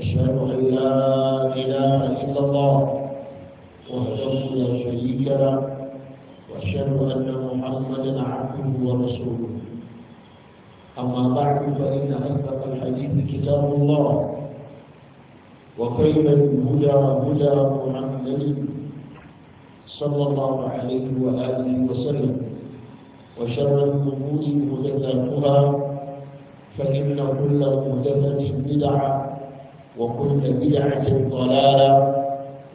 أشهد أن لا إله إلا الله وحده لا شريك له وأشهد أن محمدا عبده ورسوله أما بعد فإن أصدق الحديث كتاب الله وخير الهدى هدى محمد صلى الله عليه وآله وسلم وشر الأمور محدثاتها فإن كل محدثة بدعة وكل بدعة ضلالة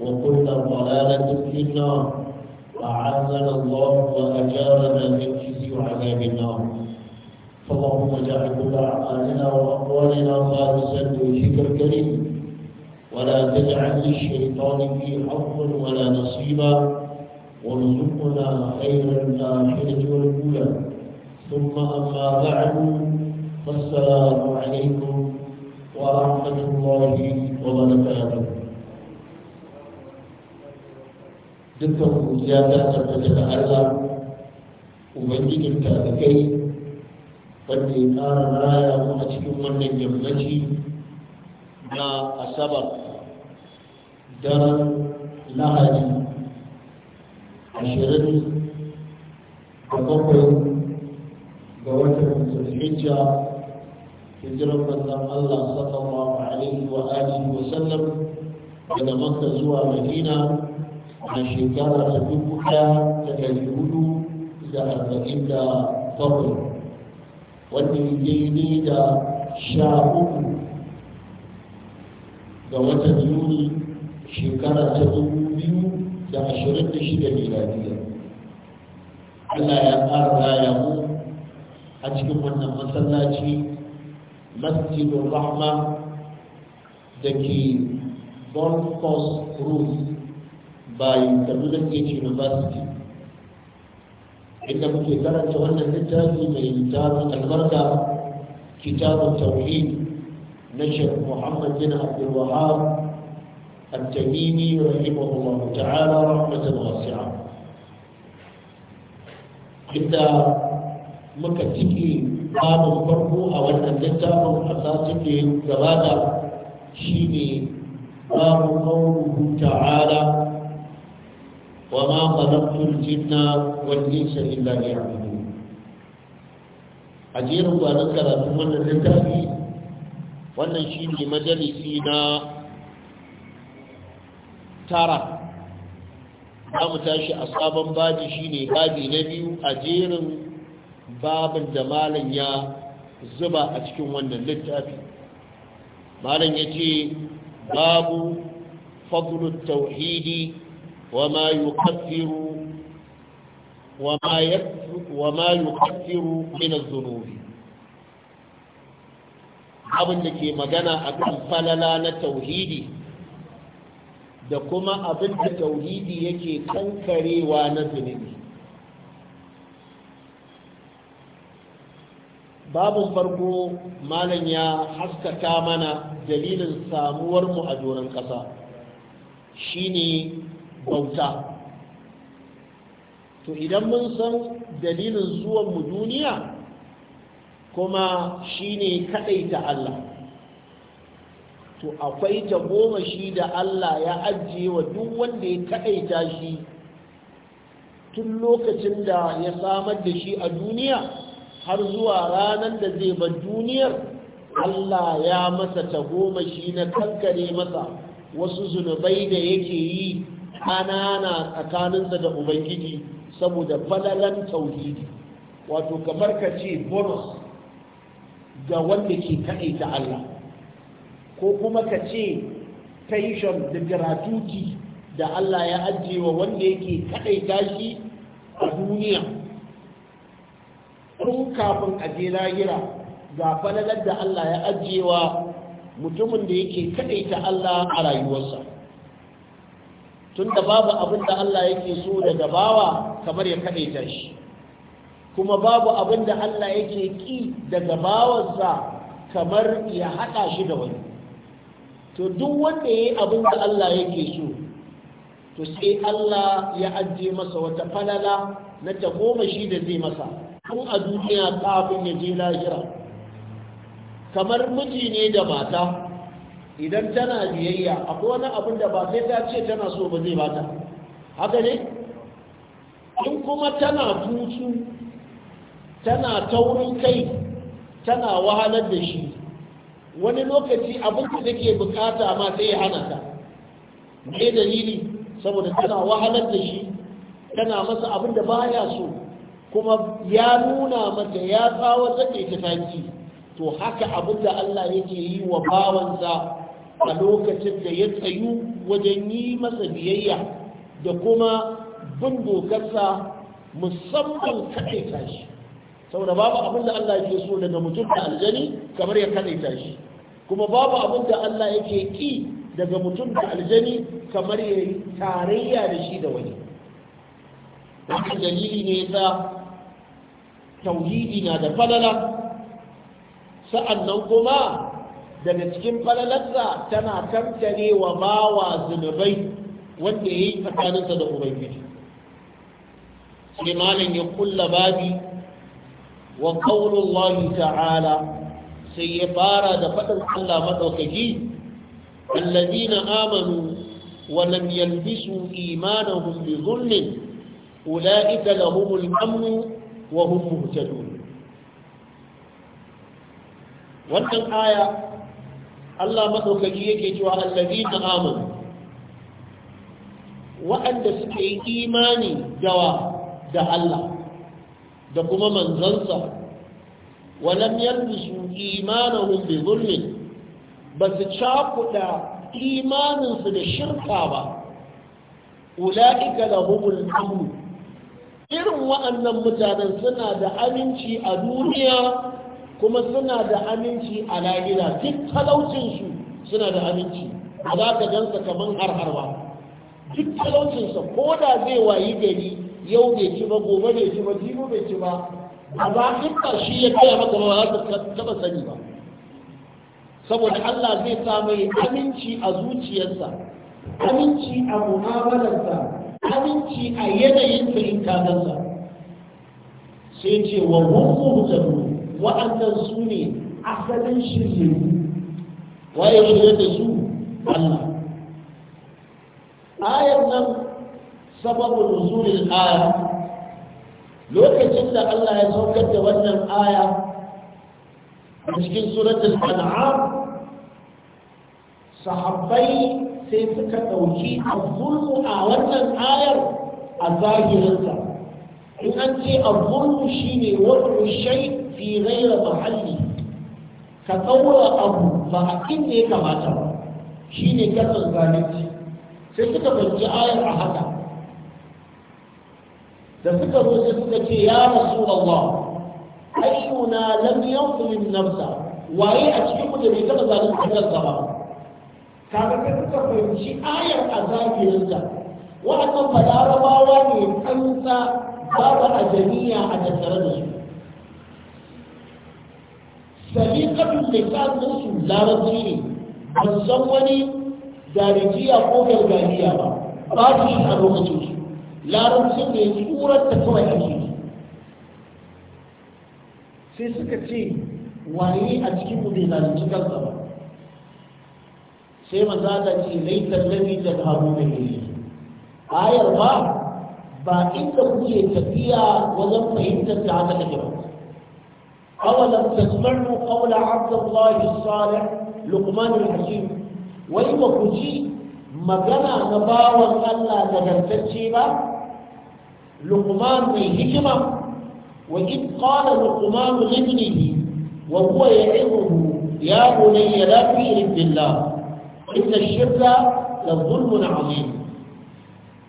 وكل ضلالة في النار أعاذنا الله وأجارنا من خزي وعذاب النار فاللهم اجعل كل أعمالنا وأقوالنا خالصا لوجهك الكريم ولا تجعل للشيطان في حظ ولا نصيبا وارزقنا خير الآخرة والأولى ثم أما بعد فالسلام عليكم ورحمة الله وبركاته dukkan kuriya ta tabbata da Allah ubangijin ta da kai wanda ya ƙara raya mu a cikin wannan yammaci na asabar daren lahadi ashirin da bakwai ga watan zulhijja hijirar manzon Allah sallallahu alaihi wa alihi wa sallam daga Makka zuwa Madina a shekara ta dubu ɗaya da ɗari hudu da arba'in da bakwai wanda ya daidai da sha uku ga watan Yuni shekara ta dubu biyu da ashirin da shida miladiya Allah ya ƙara raya mu a cikin wannan masallaci مسجد الرحمة دكي بون بوس روز باي تبدأ كيتي نباتي عندما كتابة تهنى نتاكي من كتاب الغرقة كتاب التوحيد نشر محمد بن عبد الوهاب التميمي رحمه الله تعالى رحمة واسعة عند مكتبه babin farko a wannan littafin a satin da ya gabata shi ne babu kawuhu ta'ala wa ma khalaqtul jinna wal insa illa liya'budun a jerin gwanin karatun wannan littafi wannan shi ne majalisi na tara za mu tashi a sabon babi shi ne babi na biyu a jerin babin da malam ya zuba a cikin wannan littafi malam ya ce babu fadlul tauhidi wa ma yukaffiru wa ma wa ma yukaffiru min adh-dhunubi abin da ke magana akan falala na tauhidi da kuma abin da tauhidi yake kankarewa na zunubi babin farko malam ya haskaka mana dalilin samuwarmu a doron ƙasa shine bauta to idan mun san dalilin zuwanmu duniya kuma shine kaɗaita Allah to akwai shi da Allah ya ajiye wa duk wanda ya kaɗaita shi tun lokacin da ya samar da shi a duniya har zuwa ranar da zai bar duniyar Allah ya masa shi na kankare masa wasu zunubai da yake yi ƙanana tsakaninsa da ubangiji saboda falalan tauhidi wato kamar ka ce bonus ga wanda ke kaɗai ta Allah ko kuma ka ce pension da gratuity da Allah ya ajiye wa wanda yake kaɗai ta shi a duniya tun kafin a je lahira ga falalar da Allah ya ajiyewa mutumin da yake kaɗaita Allah a rayuwarsa tun da babu abin da Allah yake so daga bawa kamar ya kaɗaita shi kuma babu abin da Allah yake ƙi daga bawansa kamar ya haɗa shi da wani to duk wanda ya yi abin da Allah yake so to sai Allah ya ajiye masa wata falala na ta shi da zai masa tun a duniya kafin ya je lahira kamar miji ne da mata idan tana biyayya akwai wani abin da ba sai ta ce tana so ba zai bata haka ne in kuma tana tutu tana taurin kai tana wahalar da shi wani lokaci abin da take bukata ma sai ya hana ta ne dalili saboda tana wahalar da shi tana masa abin da baya so kuma ya nuna mata ya tsawatar da ita taki to haka abin da Allah yake yi wa bawansa a lokacin da ya tsayu wajen yi masa biyayya da kuma bin dokarsa musamman kaɗaita shi saboda babu abin da Allah yake so daga mutum da aljani kamar ya kaɗaita shi kuma babu abin da Allah yake ƙi daga mutum da aljani kamar ya yi tarayya da shi da wani wannan dalili ne ya tauhidi na da falala sa'annan kuma daga cikin falalarsa tana kankare wa bawa zunubai wanda ya yi tsakaninsa da ubangiji sai ya kulla babi wa ƙaunullahi ta'ala sai ya fara da faɗin allah maɗaukaki allazina amanu wa lam yalbisu imanahum bi zulmin ulaika lahumul amnu wa hum wannan aya Allah maɗaukaki yake cewa na amanu waɗanda suke yi imani dawa da Allah da kuma manzansa walam yalbisu imanahum bi zulmin ba su cakuda imaninsu da shirka ba ula'ika lahumul amru irin wa'annan mutanen suna da aminci a duniya kuma suna da aminci a lahira duk talaucinsu suna da aminci ba za ka gansa kamar harharwa duk talaucinsa ko da zai wayi gari yau bai ci ba gobe bai ci ba jibo bai ci ba a ba inda shi ya kaya maka ba za ka taba sani ba saboda Allah zai sa mai aminci a zuciyarsa aminci a mu'amalarsa aminci a yanayin firin kazansa sai ce wa wanzu hutaru wa'annan su ne asalin shirye waye shirye da su Allah ayar nan sababin nuzulil aya lokacin da Allah ya saukar da wannan aya a cikin suratul an'am sahabbai sai suka ɗauki a zulmu a wannan ayar a zahirinsa in an ce a zulmu shi ne wani shai fi raira mahalli ka tsaura abu ba a inda ya kamata ba shi ne kasar zalunci sai suka fahimci ayar a haka da suka zo sai suka ce ya rasu Allah ayyuna lam yanzulim nafsa waye a cikin mu da bai taɓa zalunci kansa ba kaga sai suka fahimci ayar a zahirinta wa'annan balarabawa ne tsantsa babu ajamiya a tattare da su sadiqatul lisan su larabci ne ban san wani darijiya ko gargajiya ba ba su shi a lokacin su larabcin ne tsurar ta kawai ake sai suka ce waye a cikin mu bai zalunci kansa ba سيما زادا تي ليت الذي تذهبوا به آية الله با إنت كي تبيا ولم فهمت تعالى أولم تسمعوا قول عبد الله الصالح لقمان الحكيم وإما كجي ما كان ألا تغلتشيبا لقمان في حكمة وإذ قال لقمان لابنه وهو يعظه يا بني لا تفير الله inna shirka la zulmun azim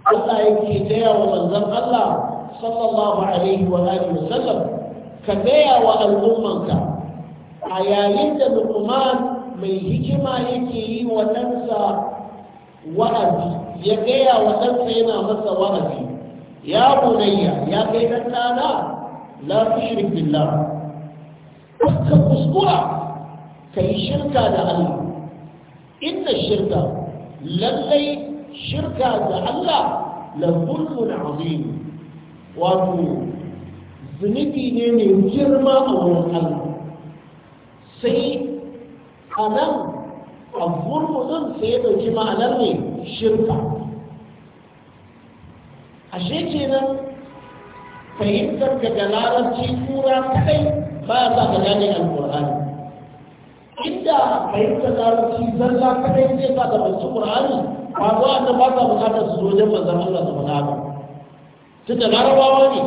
Allah yake gaya wa manzon Allah sallallahu alaihi wa alihi wasallam ka gaya wa al'ummanka a yayin da Luqman mai hikima yake yi wa ɗansa wa'azi ya gaya wa ɗansa yana masa wa'azi ya bunayya ya kai ɗan ɗana la tushrik billah ka kuskura ka yi shirka da Allah inna shirka lallai shirka ga Allah la zulmun azim wato zunubi ne mai girma a wurin sai a nan a mutum sai ya dauki ma'anar ne shirka ashe kenan fahimtar daga larabci kura kadai ba za ka gane alƙur'ani inda fahimtar larabci zalla kadai zai sa da bacci qur'ani ba da ba ta bukatar su zo wajen manzon Allah da mana ba tunda larabawa ne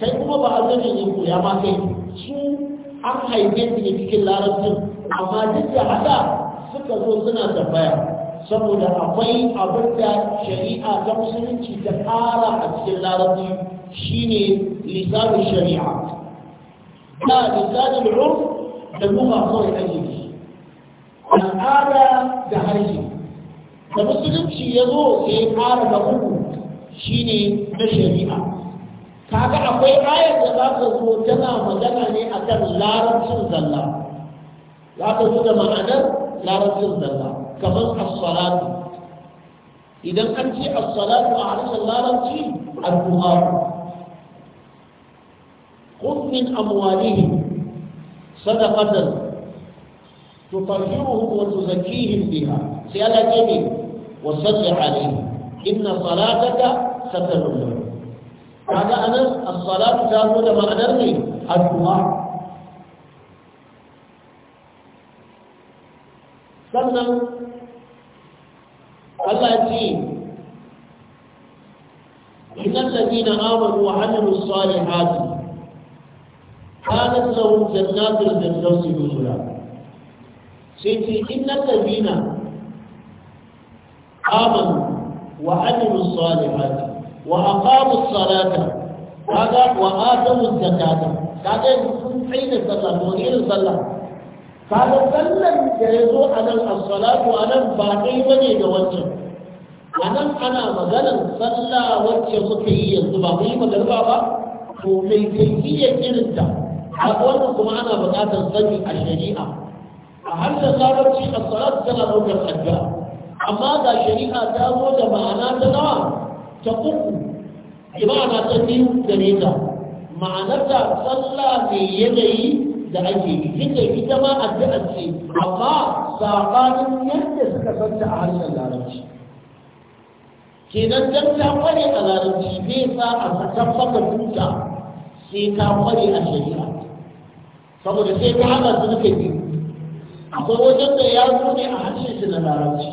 sai kuma ba azumi ne ko ya ma kai su an haife su ne cikin larabcin amma duk da haka suka zo suna tambaya saboda akwai abin da shari'a ta musulunci ta ƙara a cikin larabci shine lisanin shari'a da lisanin urf da kuma kawai ake al'ada da harshe da musulunci ya zo ya yi ƙara da uku ne na shari'a kaga akwai ayar da za ka zo tana magana ne a kan larabcin zalla za ka zo da ma'anar larabcin zalla kamar assalatu idan an ce assalatu a harshen larabci addu'a خذ من أموالهم صدقة تطهرهم وتزكيهم بها سيالا جميل وصل عليهم إن صلاتك سكن لهم هذا أنا الصلاة تابوا لما أدرني الدعاء سنة الله إن الذين آمنوا وعملوا الصالحات كانت لهم جنات الفردوس نزلا sai ce innal ladina amanu wa amilu salihati wa aqamu salata kaga wa atu zakata kaga sun tsaye sallah to irin sallah kaga sallan da yazo anan as-salatu anan ba dai bane da wancan anan ana maganar sallah wacce muka yi yanzu ba mu yi magarba ba to mai kai irin ta a wannan kuma ana buƙatar sani a shari'a a harshen a salat tana ɗaukar addu'a amma ga shari'a ta zo da ma'ana ta nawa ta uku bi ma'ana ta biyu da Ma'anar da sallah mai yanayi da ake yi ita ma addu'a ce amma sabanin yadda suka santa a harshen larabci kenan dan ta kware a larabci zai sa a sakan maka tuta sai ka kware a shari'a saboda sai ta hana su nuka akwai wajen da ya zo ne a harshe su na larabci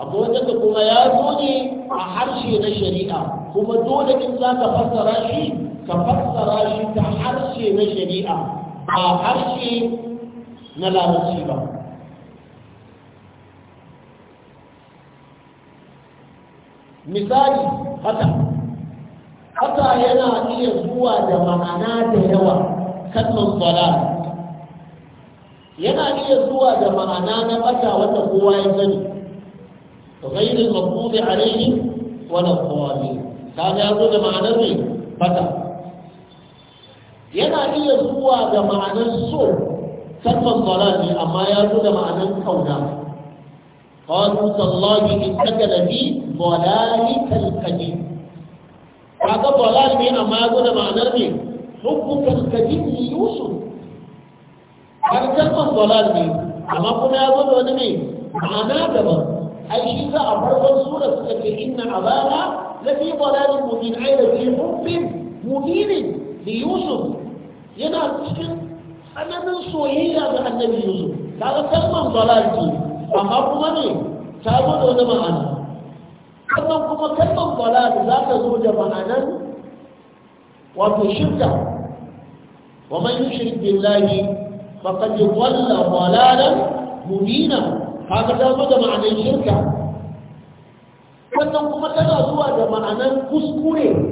akwai wajen da kuma ya zo ne a harshe na shari'a kuma dole in za ka fassara shi ka fassara shi ta harshe na shari'a ba harshe na larabci ba misali haka haka yana iya zuwa da ma'ana da yawa kalmar salat yana iya zuwa da ma'ana na ɓata wata kowa ya sani ghairin maqbubi alaihi wala dhalin kaga ya zo da ma'anar ne bata yana iya zuwa da ma'anar so kalmar dalal ne amma ya zo da ma'anar kauna qalu tallahi innaka lafi dalalikal qadim kaga dalal ne amma ya zo da ma'anar ne hubbukal qadim yusuf har kalmar dalal ne amma kuma ya zo da wani ne ma'ana daban ai shi sa a farkon sura suka ce inna azaba la fi dalalin mubin ai da fi hubbin mubinin li yusuf yana cikin tsananin soyayya ga annabi yusuf kaga kalmar dalal ce amma kuma ne ta zo da wani ma'ana sannan kuma kalmar dalal za ta zo da ma'anan wato shirka ومن يشرك بالله فقد ضل ضلالا مبينا هكذا هو معنى الشركة فقد قمت هو معنى كسكر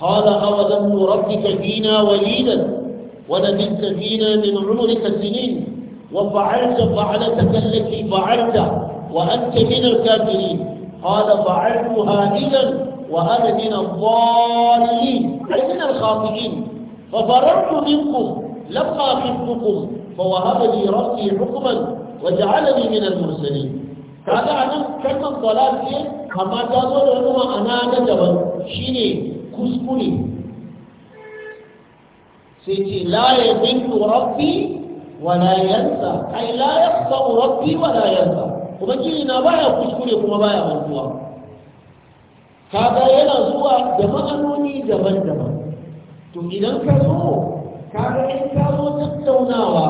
قال هو ذنب ربك فينا وليدا ولبثت فينا من عمرك السنين وفعلت فعلتك التي فعلت وانت من الكافرين قال فعلتها اذا وانا من الظالمين اي من الخاطئين ففررت منكم لقى حبكم فوهبني ربي حكما وجعلني من المرسلين kaga a nan kalmar salat ce amma ta zo da wani ma'ana na daban shine kuskure sai ce la ya bintu rabbi wa la yansa ai la yaqsa rabbi wa la yansa kuma kini na baya kuskure kuma baya mantuwa kaga yana zuwa da ma'anoni daban-daban to idan ka zo kaga in ka zo tattaunawa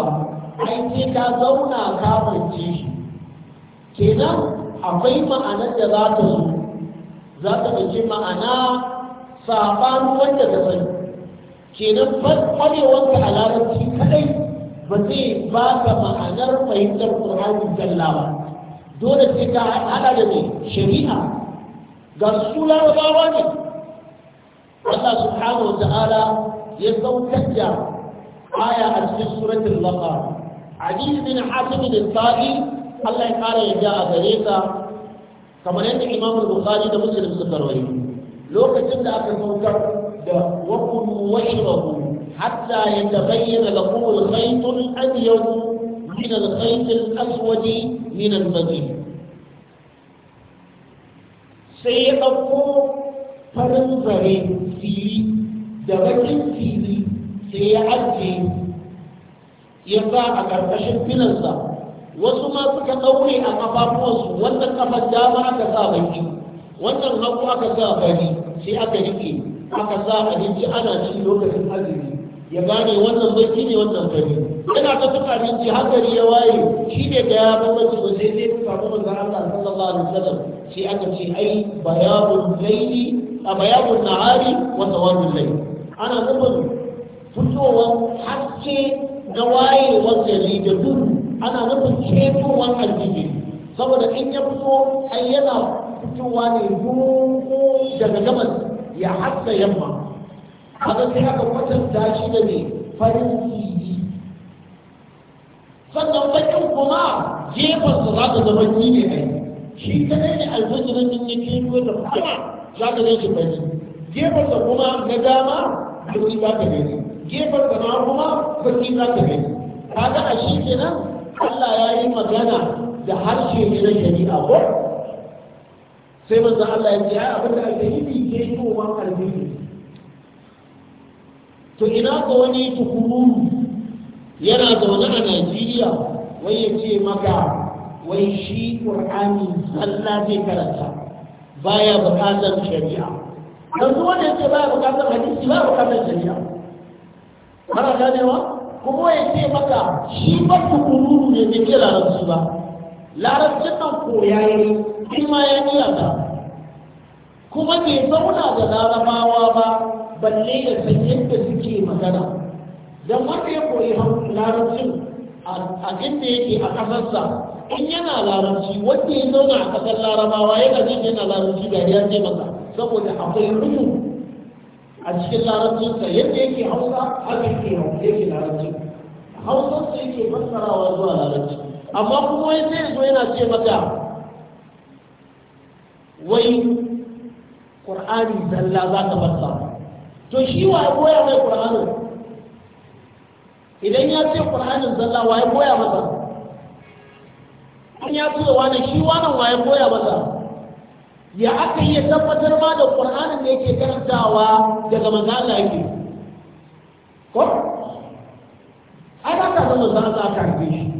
ai sai ka zauna ka bance shi kenan akwai ma'anar da za ta zo za ta ɗauki ma'ana saɓanin wanda ta sani kenan kwarewarka wanda alamarci kadai ba zai ba ka ma'anar fahimtar ƙur'ani zalla ba dole sai ka haɗa da mai shari'a ga su larabawa ne Allah subhanahu wa ta'ala ya saukar da آية أسفل سورة اللقاء عزيز بن حاتم بن للطائي الله يقال جاء ذريكا كما نعلم الإمام البخاري ده مسلم سكر وليم لو كتبت أكل موكب ده وكل وشره حتى يتبين لكم الخيط الأبيض من الخيط الأسود من المدي سيقفوا فرنزرين في درجة في sai ya ajiye ya sa a ƙarƙashin filinsa wasu ma suka ɗaure a ƙafafuwansu wannan ƙafar dama aka sa baki wannan hagu aka sa bari sai aka riƙe aka sa abinci ana ci lokacin azumi ya gane wannan baki ne wannan bari yana ta tuka abinci hakari ya waye shi ne da ya bambanci ba sai sai tuka kuma ga Allah sallallahu alaihi wasallam sai aka ce ai bayanul layli a bayanul nahari wa tawabul layli ana nufin fitowar haske na wayewar gari da duhu ana nufin cetowar aljiji saboda in ya fito ai yana fitowa ne duhu daga gabas ya haska yamma haka sai aka kwatanta shi da ne farin fili sannan bakin kuma jefar sa za ta zama ni ne ai shi kadai ne alfajirin din ya keto da kuma za ta zai shi bari sa kuma na dama duk za ta gani gefen gaba kuma baki za ka gani kaga a shi kenan Allah ya yi magana da harshe ne na shari'a ko sai manzo Allah ya ce ai abin da ake yi ke yi wa alheri to ina ga wani tukururu yana zaune a Najeriya wai ya ce maka wai shi ƙur'ani Allah zai karanta baya buƙatar shari'a yanzu wanda ya ce baya buƙatar hadisi baya buƙatar shari'a ana ganewa kuma ya ce maka shi ba kururu ne da ke larabci ba larabcin nan koya ya yi in ma ya yi ta kuma ke zauna da larabawa ba balle da san yadda suke magana don wanda ya koyi larabcin a inda yake a ƙasarsa in yana larabci wanda ya zauna a ƙasar larabawa ya gaji yana larabci ga ya ce saboda akwai rufin a cikin larabcinsa yadda yake hausa haka yake yake larabci hausarsa yake fassarawa zuwa larabci amma kuma wai sai zo yana ce maka wai ƙur'ani zalla za ka fassara to shi wa ya koya mai ƙur'anin idan ya ce ƙur'anin zalla wa ya koya masa an ya ce wani shi wannan wa ya koya masa ya aka iya tabbatar ma da ƙur'anin da yake karantawa daga manzo yake ko ai ba ka zama za a karfe shi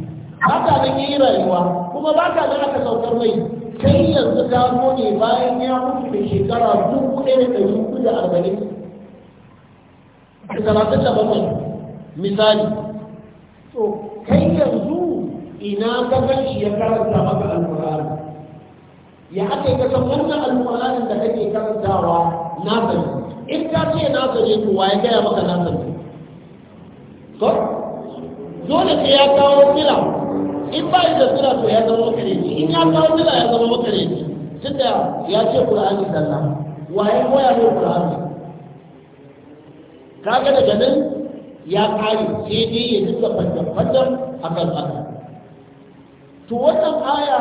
ba ka zan yi rayuwa kuma ba ka zan ka saukar mai kai yanzu ta zo ne bayan ya mutu da shekara dubu ɗaya da ɗari uku da arba'in da talatin da bakwai misali to kai yanzu ina ka gan shi ya karanta maka alƙur'ani ya haka yi kasan wannan alƙur'anin da kake karantawa na sani in ka ce na sani to waye gaya maka na sani ko dole sai ya kawo kila in ba da kila to ya zama makareci in ya kawo kila ya zama makareci tunda ya ce ƙur'ani sallah waye koya ne ƙur'ani kaga daga nan ya kare sai dai ya dinga fadar fadar akan haka to wannan aya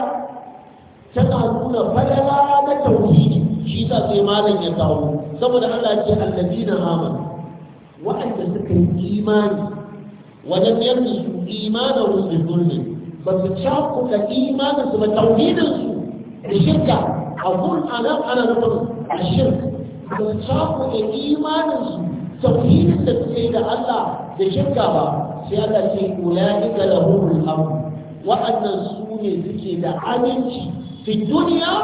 tana nuna falala na tauhidi shi sa sai malam ya kawo saboda Allah ce allazina Haman. wa'anda suka yi imani wajen yadda su imanin wasu gurbi ba su cakuka imanin su ba tauhidin su da shirka a gun ana ana nufin a shirka ba su cakuka imanin su tauhidin da suke da Allah da shirka ba sai Allah ce ulaika lahumul amr wa'annan su ne suke da aminci في الدنيا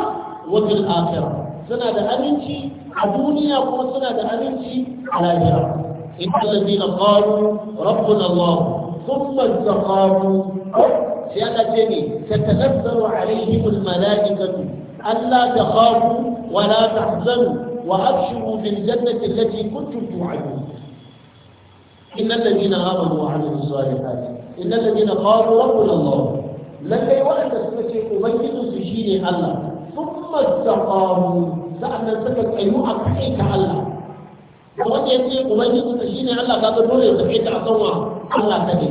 وفي الآخرة سنة أمنتي الدنيا وسنة أمنتي على الآخرة إن الذين قالوا ربنا الله ثم استقاموا سيادة جميع تتنزل عليهم الملائكة ألا تخافوا ولا تحزنوا وأبشروا بالجنة التي كنتم توعدون إن الذين آمنوا وعملوا الصالحات إن الذين قالوا ربنا الله lallai waɗanda suka ce ubangijinsu shi ne Allah sun mazzafamu sa'annan suka tsayu a kai ta Allah da wanda ya ce ubangijinsa shi ne Allah ka dole ya tafi ta akan wa Allah ta ne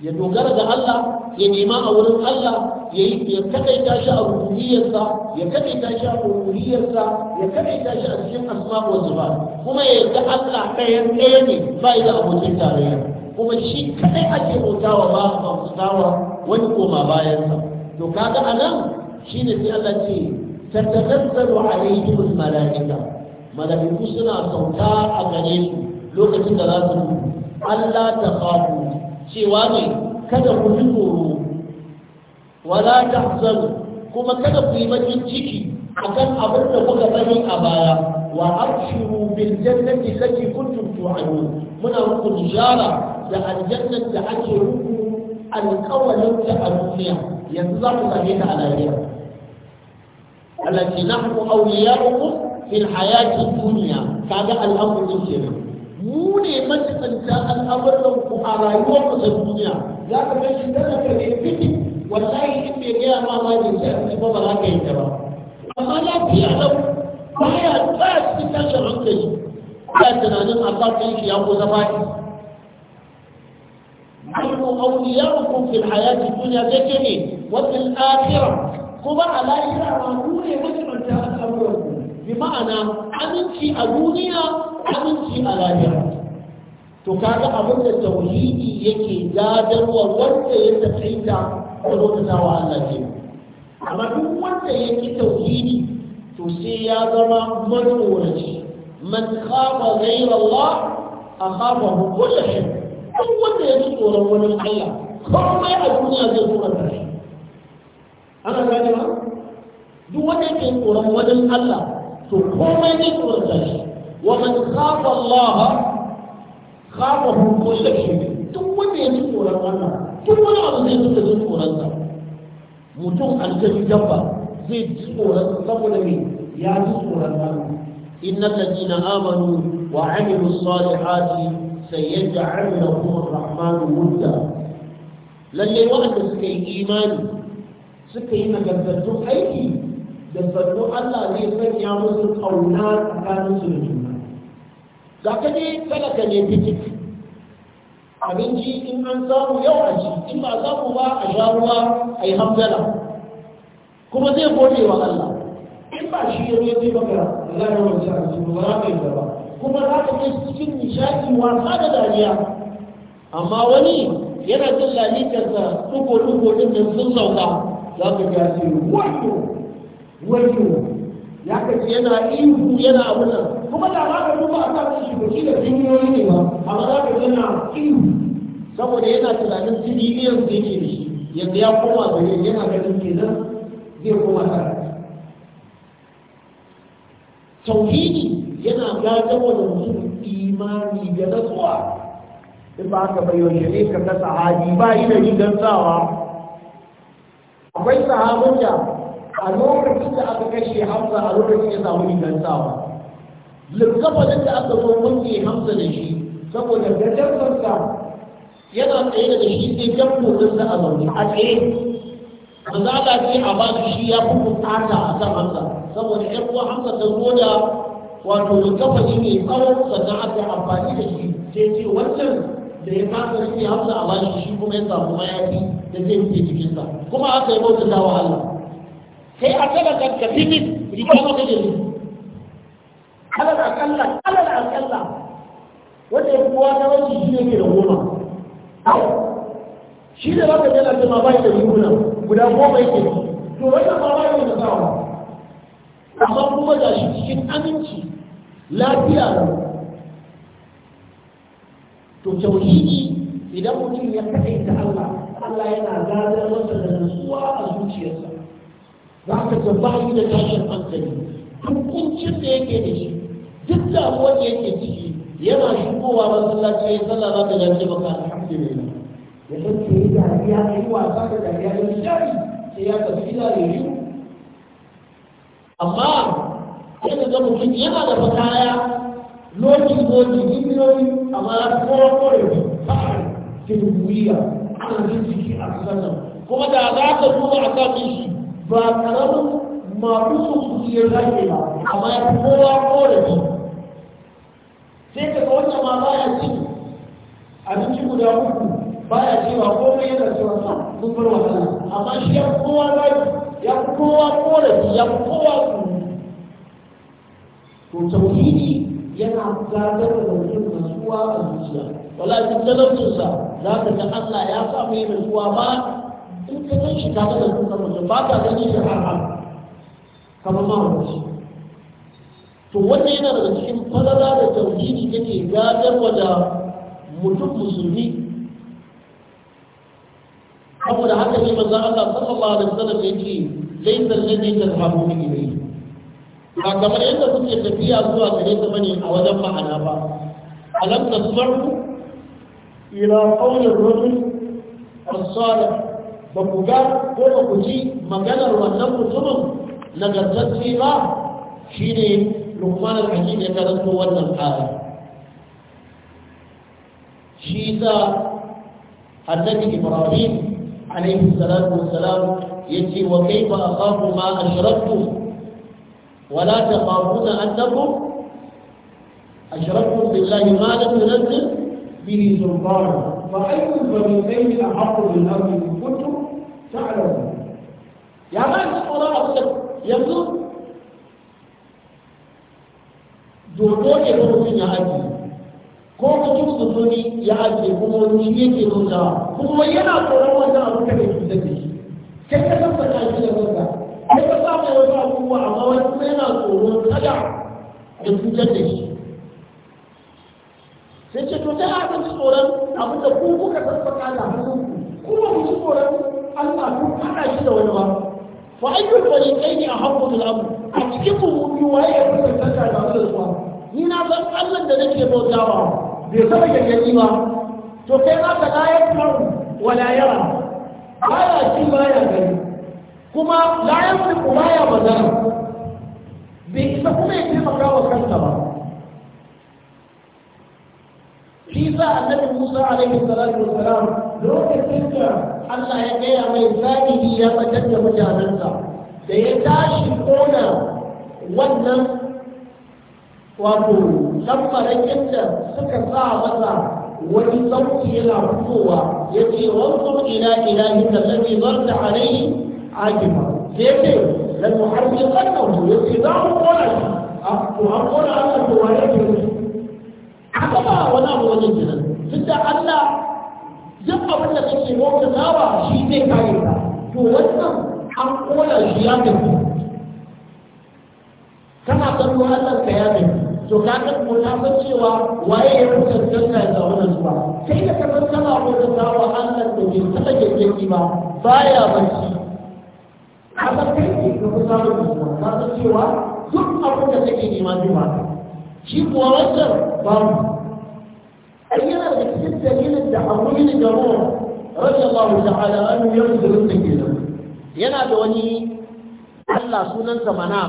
ya dogara ga Allah ya nema a wurin Allah ya yi ya kadaita shi a rububiyarsa ya kadaita shi a rububiyarsa ya kadaita shi a cikin asma wa kuma ya yarda Allah ɗaya ɗaya ne ba ya da abokin tarayya kuma shi kadai ake bautawa ba a bautawa wani koma bayansa to kaga a nan shi ne sai Allah ce tatanazzalu alaihim almalaika malaiku suna sauta a gare su lokacin da za su Allah ta khafu cewa ne kada ku ji tsoro wala tahzanu kuma kada ku yi bakin ciki akan abin da kuka bari a baya wa abshiru bil jannati allati kuntum tu'adun muna muku bishara da aljannar da ake muku alƙawarin ta a duniya yanzu za ku same ta a lahira Allah ce nahnu awliya'ukum fil hayati dunya kaga al'amurin kenan mu ne majibanta al'amuran ku a rayuwar ku ta duniya za ka ga shi tana ka ne fiti wallahi in bai gaya ma ma ne sai ba ba za ka yi ta ba amma lafiya lau baya ba cikin tashin hankali ba tunanin a sa kan shi ya ko zama نحن أولياؤكم في a الدنيا زكني وفي الآخرة كما على إلى رسول ma'ana تأثرون a duniya, الدنيا a الآخرة to kaga abin da tauhidi yake gadarwa wanda ya ta ko lokacin wa Allah ke amma duk wanda yake tauhidi to sai ya zama manowaci man khaba ghayra Allah akhabahu kullu shay duk wanda ya ji tsoron wani Allah komai a duniya zai tsoron shi ana gane ba duk wanda yake tsoron wani Allah to komai zai tsoron shi wa man khafa Allah khafahu kullu shay duk wanda ya ji tsoron Allah duk wani abu zai fita jin tsoron sa mutum aljani dabba zai ji tsoron saboda me ya ji tsoron Allah إن الذين آمنوا وعملوا الصالحات سيجعل لهم الرحمن ودا للي وقت سكي إيماني سكي نجبتهم أيدي دفتوا الله لي سن يا مسلم قولا أكانوا سنجونا لكن فلك نبتك abinci in an samu yawan shi in ba samu ba a sha ruwa a yi hamdala kuma zai gode wa Allah in ba shi ya wancan ba za yi kuma za ka kai cikin nishaɗi wasa da dariya amma wani yana jin lalitarsa tuko-tuko ɗin da sun sauka za ka ga sai wayo wayo ya kace yana ihu yana abu nan kuma da za ka duba a kan shi ba shi da jinyoyi ne ba amma za ka gana ihu saboda yana tunanin siniliyan da yake da shi yanzu ya koma gare yana ganin kenan zai koma tare tauhidi yana gadarwa da mutum imani da nasuwa. in ba ka bai ne ka ta sahabi ba yi da rigar akwai sahabin da a lokacin da aka kashe hamza a lokacin ya samu rigar sawa lullufanin da aka zo wanke hamza da shi saboda gajarsa yana tsaye da shi sai jan motsin da a zaune a tsaye manzala ce a ba shi ya fi bukata a kan hamza saboda ƴan uwa hamza ta zo da wato kafani ne tsawo sannan aka amfani da shi sai ce wancan da ya kasa shi ne hamsa a bashi shi kuma ya samu mayafi da zai rufe jikinsa kuma aka yi bauta ta wahala sai a kada ka ka fi riga maka da shi alal akalla alal akalla wanda ya kuwa ta wani shi ne ke da goma shi ne ba ka jana ta ma bai da rikuna guda goma yake to wannan ma bai da sawa amma kuma da shi cikin aminci lafiya da to tauhidi idan mutum ya ta Allah Allah yana gadar masa da nasuwa a zuciyarsa za ka ga ba shi da tashin hankali duk kuncin da yake da shi duk da ko da yake ciki yana shigowa masallaci ya sallah za ka gaje baka alhamdulillah ya dauke yi dariya ya yi wasa da dariya ya yi shari sai ya tafi da yiwu amma sai ka ga mutum yana da kaya lokacin lodi miliyoyi amma ya kowa kore fa'ar tilbuliya ana jin jiki a kasar kuma da za ka duba a kan shi ba karamin masu ya zage ba amma ya kowa kore sai ka ga ma ba ya ci abinci guda uku ba ya ba komai yana cewa sa sun bar wasan amma shi ya kowa zage ya kowa kore ya kowa kuma to tauhidi yana gadar da mutum nutsuwa a zuciya wallahi talaucinsa za ka ga Allah ya sa mai nutsuwa ba in ka san shi ka ga nutsuwa mutum ba ka gani da har kamar ma mutum to wannan yana daga cikin falala da tauhidi take gadarwa da mutum musulmi saboda haka ne manzo Allah sallallahu alaihi wasallam yake laysa alladhi tadhhabuna ilayhi ba kamar yadda kuke tafiya zuwa gare ta bane a wajen ma'ana ba alam tasma'u ila qawlir rajul as-salih ba ku ga ko ba ku ji maganar wannan mutumin nagartacce ba shine lukman al-hakim ya karanto wannan aya shi ta annabi ibrahim alaihi salatu wassalam yace wa kaifa akhafu ma ashraktum ولا تخافون أنكم أشركتم بالله ما لم ينزل به سلطانا فأي الفريقين أحق بالأرض إن كنتم تعلمون يا من صلاة يقول دوروني فرسين عادي كوكو تشوف دوروني يا عادي هو نيجي روزا هو ينا فرسين عادي كيف تفعل هذا الموضوع؟ كيف تفعل هذا الموضوع؟ kuma yana tsoron kada da cutar da shi sai ce to ta aka ji tsoron abin da ku kuka sassaka da hannun ku kuma ku ji tsoron Allah ku haɗa shi da wani ba fa ayyul fariqaini ahabbu bil abu? a cikin ku biyu waye ya fi sassaka da hannun ku ni na san Allah da nake bautawa bai saba gaggani ba to kai za ka la yasma'u wa wala yara baya ci baya gani kuma la yasma'u baya bazara bai isa kuma ya taimaka wa kansa ba shi sa annabi musa alaihi salatu wassalam lokacin da allah ya gaya mai zahiri ya fitar da mutanensa da ya tashi kona wannan wato lambarakin da suka sa masa wani sauti yana fitowa ya ce wanzu ila ilahi da zai zarta alaihi akima sai ce لنحرقنه يتباعه قولا وأقول أن الروايات haka wani abu wani jinin duk da Allah duk abin da kake bautatawa shi zai kare ka to wannan an kola shi ya tafi kana san ko Allah ka ya tafi to ka ga ko ta san cewa waye ya fita danna ya zauna da zuwa sai da ka san kana bautatawa Allah da bai taba gaggaci ba baya bacci amma kai ne ka fi samun nutsuwa ka san cewa duk abin da kake nema zai ba shi kuwa wancan babu ai yana da cikin dalilin da abu ne da ruwa rashin Allah ta'ala an yau da rutsin gidan yana da wani Allah sunansa mana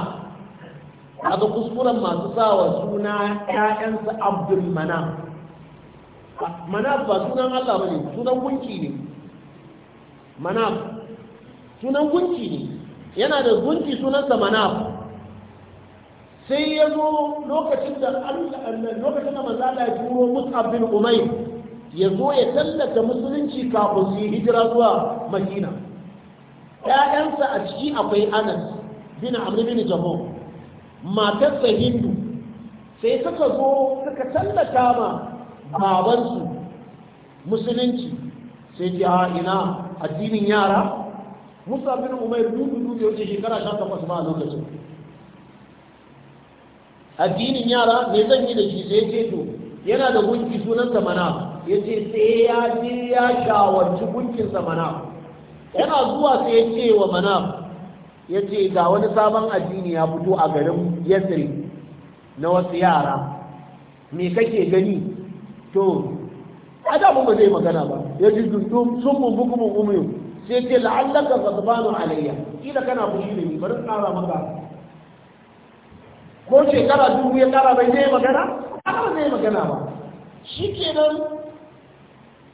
a ga kuskuren masu sawa suna ƴaƴansa abdul mana mana ba sunan Allah ba ne sunan gunki ne mana sunan gunki ne yana da gunki sunansa manaf sai ya zo lokacin da lokacin da manzala ya turo mus'ab umai ya zo ya tallata musulunci kafin su yi hijira zuwa madina ƴaƴansa a ciki akwai anas bin amr bin matarsa hindu sai suka zo suka tallata ma babansu musulunci sai ji a ina addinin yara musa bin umair dubu dubu ya wuce shekara sha takwas a lokacin addinin yara ne zan yi da shi sai ce to yana da gunki sunansa mana ya ce sai ya je ya shawarci gunkinsa samana yana zuwa sai ya ce wa mana ya ce ga wani sabon addini ya fito a garin yasiri na wasu yara me kake gani to adamu ba zai magana ba ya ji dundum sun bugu-bugu umuyu sai ce la'allaka ghadbanu alayya kila kana fushi da ni bari tsara maka ko shekara dubu ya kara bai zai magana ana ba zai magana ba shi ke kenan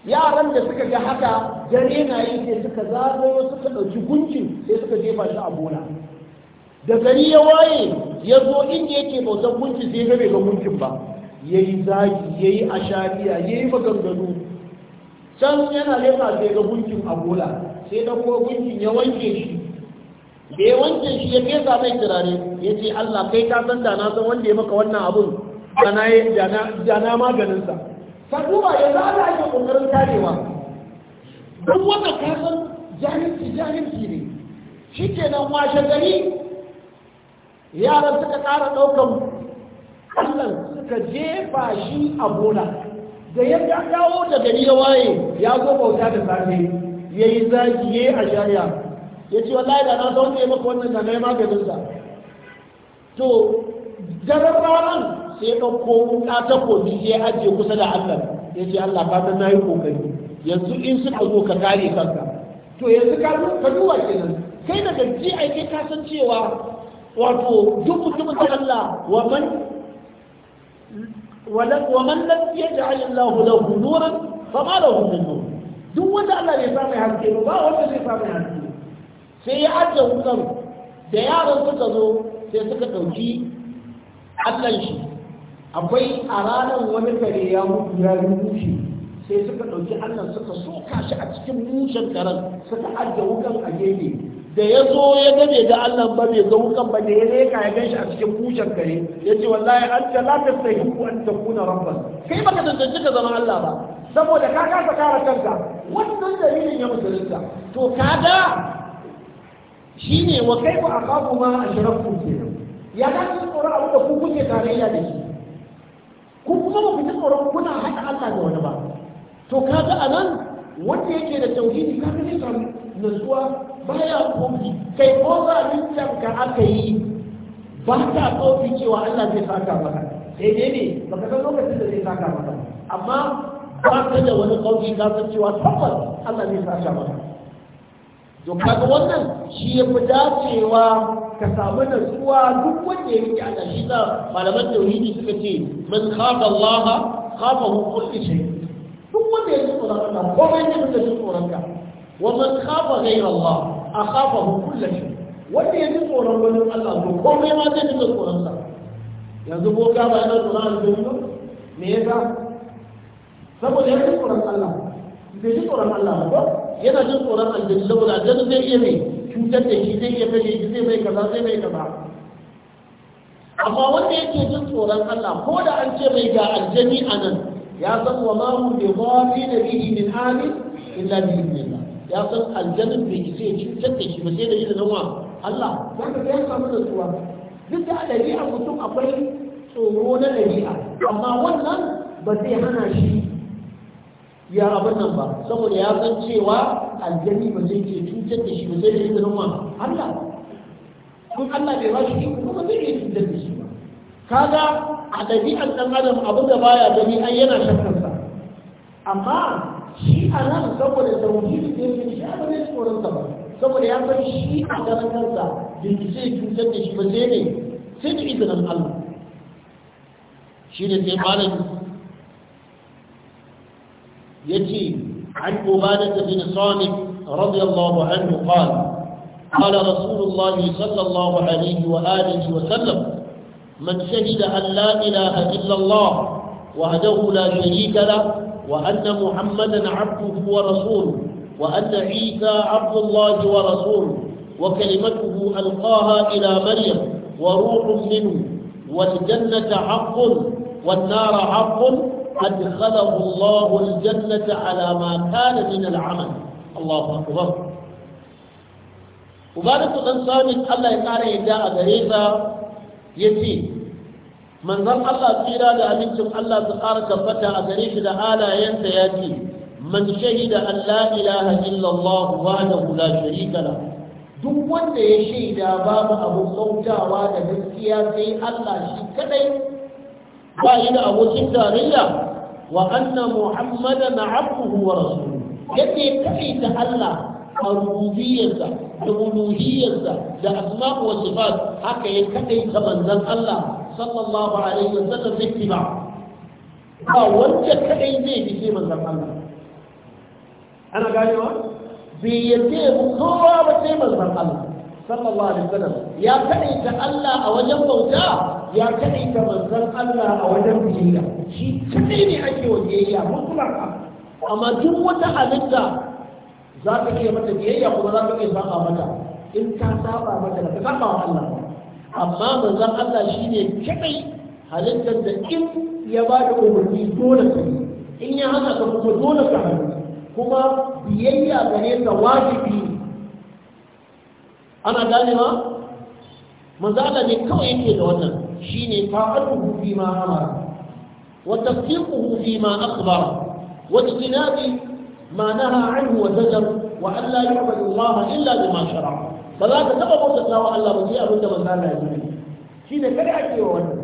yaran da suka ga haka dare na yi sai suka zagayo suka ɗauki gunkin sai suka jefa shi a bola da gari ya waye ya zo inda yake bautan gunki sai ga ga gunkin ba ya yi zagi ya yi ashariya ya yi maganganu can yana lefa sai ga gunkin a bola sai ɗauko gunkin ya wanke shi da ya wanke shi ya fesa mai turare ya ce Allah kai ka san da na san wanda ya maka wannan abun da na maganinsa ka duba ya za a yi ƙoƙarin tarewa duk wanda ka san jahilci jahilci ne shi ke nan washe gari yaran suka ƙara ɗaukan Allah suka jefa shi a bola da ya dawo da gari ya waye ya zo bauta da safe ya yi zagi ya a shari'a ya ce wallahi da na zaune maka wannan da na yi maganin sa to daren ranar sai ɗauko ta sai ya ajiye kusa da allah ya ce allah fatan na yi kokari yanzu in suka zo ka kare kanka to yanzu ka duba kenan kai daga ji aike ka san cewa wato duk mutumin da allah wa man ومن لم يجعل الله له نورا فما له من نور duk wanda Allah bai sa mai haske ba ba wanda zai sa mai haske sai ya ajiye wutar da yaran suka zo sai suka ɗauki allan shi akwai a ranar wani kare ya mutu ya rushe sai suka ɗauki allan suka soka shi a cikin mushen karen suka ajiye wukan a gefe da ya zo ya ga bai ga allan ba bai ga wukan ba da ya leka ya gan shi a cikin mushen kare ya ce wallahi an ta la ta sahi an ta kuna rabban kai baka tantance ka zama allah ba saboda ka kasa kare kanka wannan dalilin ya musulunta to shi ne wa a kafu ma ashrakum kenan ya ka tsoron abu da ku kuke tarayya da shi ku kuma ba ku ji tsoron kuna haɗa Allah da wani ba to kaga anan wanda yake da tauhidi kaga zai samu nutsuwa baya kofi kai ko zalincin ka aka yi ba ta kofi cewa Allah zai saka maka sai dai ne baka san lokacin da zai saka maka amma ba ta da wani kauci na san cewa tabbas Allah zai saka maka to kaga wannan shi ya fi dacewa ka samu nutsuwa. duk wanda ya riƙe Allah shi da malaman tauhidi suka ce man khafa Allah khafahu kulli shay duk wanda ya tsora Allah ko komai ne da shi tsoron ka wa man khafa ghayra Allah akhafahu kulli shay wanda ya ji tsoron wani Allah ko komai ma zai ji tsoron sa yanzu ko boka ba yana tsoron aljanna me yasa saboda yana tsoron Allah bai ji tsoron Allah ba yana jin tsoron aljanna saboda zai iya mai cutar da shi zai iya kashe shi zai mai kaza zai mai kaza amma wanda yake jin tsoron Allah ko da an ce mai ga aljani a nan ya san wa ma mu bi dhafi da bihi min hali illa bi idnillah ya san bai cutar da shi ba sai da yi wa Allah wanda ya samu da tsuwa duk da mutum akwai tsoro na dabi'a amma wannan ba zai hana shi ya abin nan ba saboda ya san cewa aljani ba zai ke cutar da shi ba zai da izinin ma Allah kun Allah bai ba shi iko kuma zai iya cutar da shi ba kaga a ɗabi'ar ɗan adam abin da baya gani ai yana shakkarsa amma shi a nan saboda tauhidi da yake shi abin da tsoron sa ba saboda ya san shi a ganin kansa da sai cutar da shi ba zai ne sai da izinin Allah shi ne sai malam يجي عن عبادة بن صالح رضي الله عنه قال قال رسول الله صلى الله عليه وآله وسلم من شهد أن لا إله إلا الله وهده لا شريك له وأن محمدا عبده ورسوله وأن عيسى عبد الله ورسوله وكلمته ألقاها إلى مريم وروح منه والجنة حق والنار حق أدخله الله الجنة على ما كان من العمل الله أكبر وبارك بن صامت الله يقال يدعى غريبا يتي من ظن الله تيرا دا أمنتم الله تقارك فتا أغريب دا آلا ينسى يتي من شهد أن لا إله إلا الله وحده لا شريك له duk wanda ya shaida babu abu sautawa da gaskiya sai Allah shi kadai ba yi da abokin tarayya wa anna muhammadan abduhu wa rasuluhu yadda ya kaita Allah a rububiyarsa da uluhiyarsa da asma'u wa sifat haka ya kaita manzon Allah sallallahu alaihi wa sallam da ittiba ba wanda kadai zai bi sai manzon Allah ana ganewa bai yadda ya kowa ba sai manzon Allah sallallahu alaihi wa sallam ya kaita Allah a wajen bauta ya kaɗai ta manzan Allah a wajen biyayya shi kaɗai ne ake wa biyayya mutlaka amma duk wata halitta za ka iya mata biyayya kuma za ka iya saba mata in ta saba mata da ka saba wa Allah amma manzan Allah shi ne kaɗai halittar da in ya ba da umarni dole ka yi in ya hana ka kuma dole ka hannu kuma biyayya gare ka wajibi ana ganewa manzo Allah ne kawai yake da wannan shine ta'atuhu fi ma amara wa tasdiquhu fi ma akhbara wa ijtinabi ma naha anhu wa zajar wa an la yu'badu Allah illa bima shara ba za ka taba bautata wa Allah ba sai abinda manzo za ya yi ne kada a cewa wannan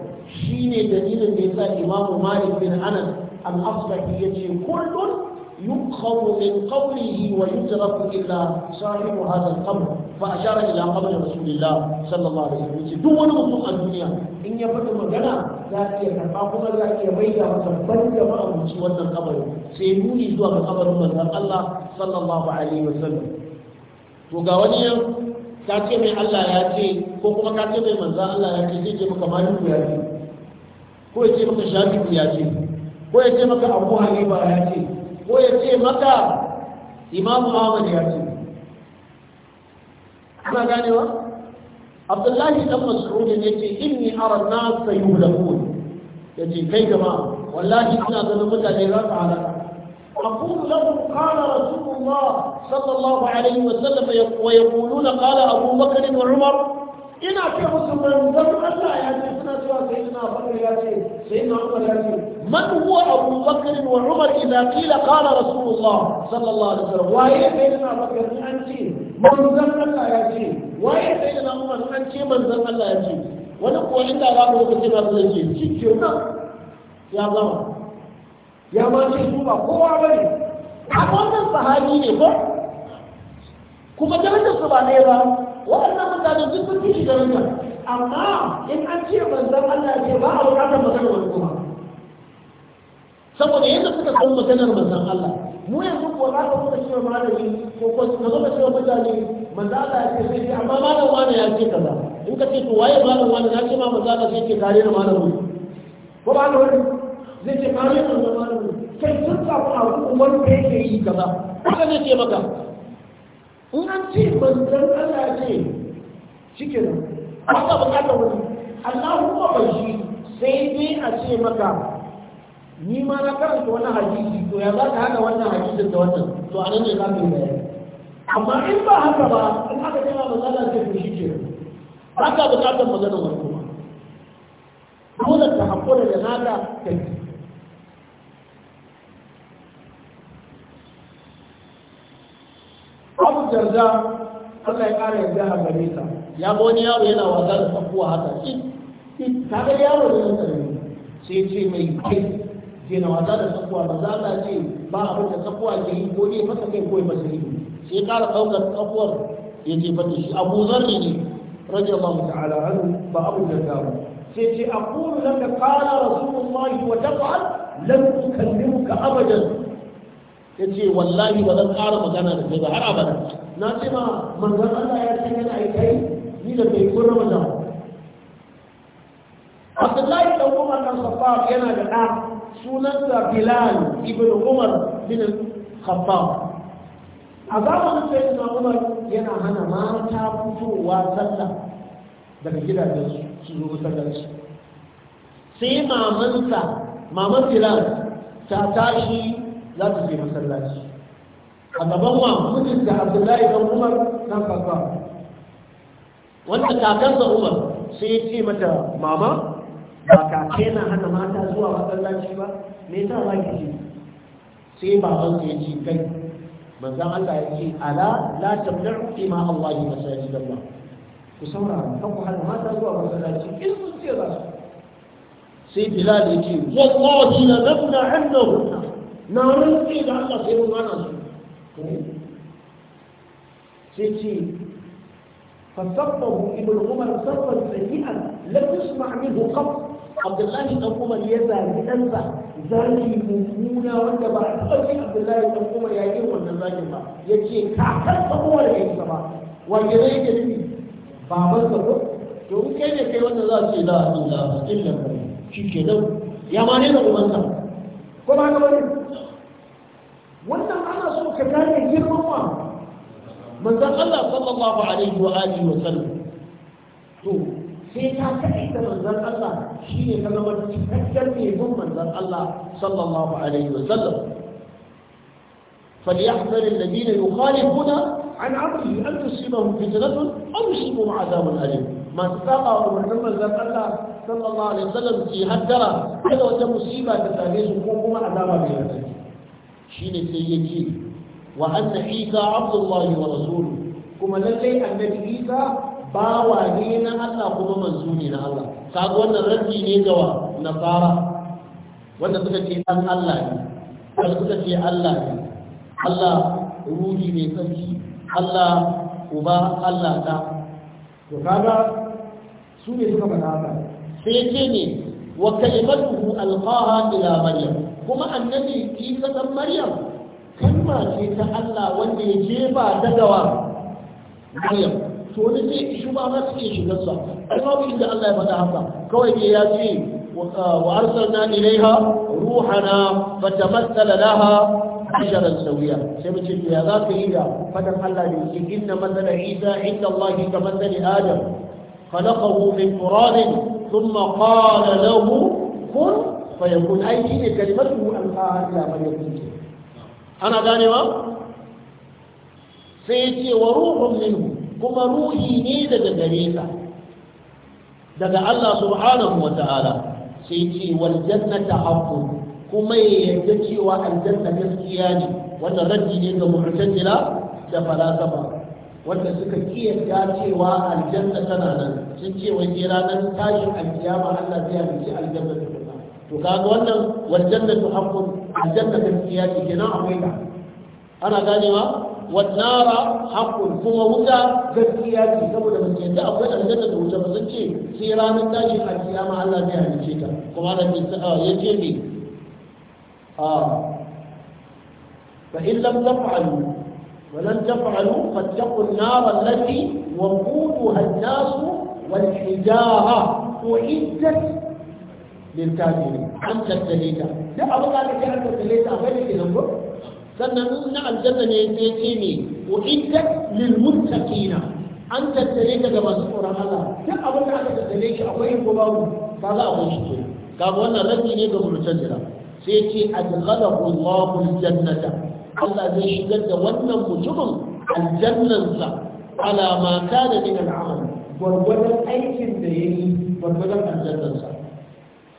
shine dalilin da yasa Imam Malik bin Anas al-Asbahi yace kullun يؤخذ من قوله ويترك إلا صاحب هذا القبر فأشار إلى قبر رسول الله صلى الله عليه وسلم دون وصول الدنيا إن يفتح مجانا ذات يتفاق ذات يبيع وتبني ما أمشي وأن القبر سيبوني زوى القبر من الله صلى الله عليه وسلم وقاوني ta ce mai Allah ya ce ko kuma ka ce mai manzan Allah ya ce zai ce maka maliku ya ce ko ya ce maka shafiku ya ce ko ya ce maka abu hanifa ya ce ko ya ce maka imamu ahmad ya ce ana ganewa abdullahi dan mas'ud ne ce inni ara an-nas sayuhlakun yace kai gama wallahi ina ganin mutane za su halaka أقول لهم قال رسول الله صلى الله عليه وسلم ويقولون قال أبو بكر وعمر ina ce musu manzon Allah ya ce suna cewa sai ina bakar ya ce sai ina umar ya ce man huwa abu bakar wa umar idan kila qala rasulullah sallallahu alaihi wasallam waye sai ina bakar an ce manzon Allah ya ce waye sai ina umar an ce manzon Allah ya ce wani kuwa inda za ku lokacin da zai ce cike nan ya zama ya ma ce su ba kowa bane a wannan sahabi ne ko kuma darajar ba ɗaya ba waɗannan mutane duk sun fi shiga nan amma in an ce manzon Allah ce ba a bukatar maganar wani kuma saboda yadda suka san maganar manzon Allah mu yanzu ko za ka kuka cewa malami ko ko ka zo ka cewa mutane manzon Allah ya ce sai amma malam wani ya ce kaza in ka ce to waye malam wani ya ce ma manzon Allah sai ce kare da malamin ko ba ka wani zai ce kare malam malamin kai sun samu abu wani da yake yi kaza ko ka zai ce maka in an ce manzan Allah ce cikin nan bukata wani Allah kuma bai shi sai dai a ce maka ni ma na karanta wani hadisi to ya za ka haka wannan hadisin da wannan to a nan ne za ka yi bayani amma in ba haka ba in aka ce ma manzan Allah ce to shi ke ba ka bukatar maganar wani kuma dole ka haƙura da naka ka abu darda Allah ya kara yarda a gare sa ya ga wani yaro yana wasa da tsakuwa haka ta ga yaro da yana karami sai ce mai kai ke na wasa da tsakuwa ba za ta ce ba abin da tsakuwa ke yi ko ne masa kai ko masa ido sai kara ɗaukar tsakuwar ya ce fata shi abu zarri ne radiyallahu ta'ala anhu ba abu darda ba sai ce a aqulu laka qala rasulullahi wa taqal lam ukallimuka abadan ya ce wallahi ba zan ƙara magana da kai ba har abada na ce ma manzan Allah ya ce yana aikai ni da kai kun rama da Abdullahi da Umar na Khattab yana da ɗa sunansa Bilal ibn Umar bin Khattab a zamanin sai na Umar yana hana mata fitowa sallah daga gidajen su zo masallaci sai mamansa maman Bilal ta tashi za su je masallaci a gaban wa mutum da abdullahi dan umar nan kasuwa wanda kakansa umar sai ya ce mata mama ba kake na hana mata zuwa masallaci ba me ta za ki ce sai baban ya ce kai manzan Allah ya ce ala la tabda'u fi ma Allah masallaci masajid ba. ku saura kan ku hana mata zuwa masallaci in sun ce za su sai bilal ya ce wallahi na nabna annahu na rantse da Allah sai mun gana su eh? sai ce fasabbahu ibn umar sabban sayyi'an la tusma minhu qat Abdullahi dan Umar ya zagi ɗansa zagi mummuna wanda ba a taɓa jin Abdullahi dan Umar ya yi wannan zagin ba ya ce kakar ka da ya yi ba wanda zai ke nufi baban ka ko to in kai ne kai wanda za su ce la illa illa shi ke nan ya ma ne da uwansa ko ba ka bane wannan ana so ka gane girman wa manzon Allah sallallahu alaihi wa alihi wa sallam to sai ka kai da manzan Allah shi ne ka zama cikakken mai bin manzan Allah sallallahu alaihi wa sallam فليحذر الذين يخالفون عن امره ان تصيبهم فتنه او يصيبهم عذاب اليم ما تقاطع ومن منزل الله صلى الله عليه وسلم في هدره هذا وجه مصيبه تتابعه وكما عذاب اليم shine sai ya ce wa anna isa abdullahi wa rasulu kuma lallai annabi isa bawa ne na Allah kuma manzo ne na Allah kaga wannan raddi ne ga nasara wanda suka ce dan Allah ne wanda suka ce Allah ne Allah ruhi mai tsarki Allah uba Allah ta to kaga su ne suka faɗa haka sai ce ne wa kalimatuhu alqaha ila maryam kuma annabi isa dan maryam kalma ce ta Allah wanda ya jefa dagawa maryam to ne sai shi ba za su iya shigar sa babu inda Allah ya faɗa haka kawai ne ya ce wa arsalna ilaiha ruhana fatamassala laha basharan sawiya sai mu ce ya za ka yi da fadan Allah ne ce inna masala isa inda Allah ka masali adam خلقه من تراب ثم قال له كن fa aiki ai shine an alha ila maryam ana ganewa sai ya ce wa ruhun minhu kuma ruhi ne daga gare ka daga Allah subhanahu wa ta'ala sai ce wal jannata haqqun kuma ya yarda cewa aljanna gaskiya ne wanda raddi ne ga mu'tazila da falsafa wanda suka kiyarda cewa aljanna tana nan sun ce wai ranar tashin alkiyama Allah zai halice aljanna to kaga wannan wal jannatu haqqun al jannatu siyati kenan akwai ta ana ganewa wal nara haqqun kuma wuta gaskiya ce saboda mun yadda akwai aljanna da wuta ba zan ce sai ranar tashin alkiyama Allah zai halice ta kuma da yace ne ah fa in lam taf'alu ولن تفعلوا فاتقوا النار التي وقودها الناس والحجاره اعدت littafi ne an tattale ta duk abin da aka ce an tattale ta akwai da ke sannan na aljanna ne sai ce ne uiddat lil muttaqina an tattare ta da masu tsoron Allah duk abin da aka tattare shi akwai ko babu ba za a kun shi ke ga wannan rabi ne ga mutajira sai ce adghalahu Allahu aljannata Allah zai shigar da wannan mutumin aljannansa ala ma kana min al'amal gwargwadon aikin da yayi gwargwadon aljannansa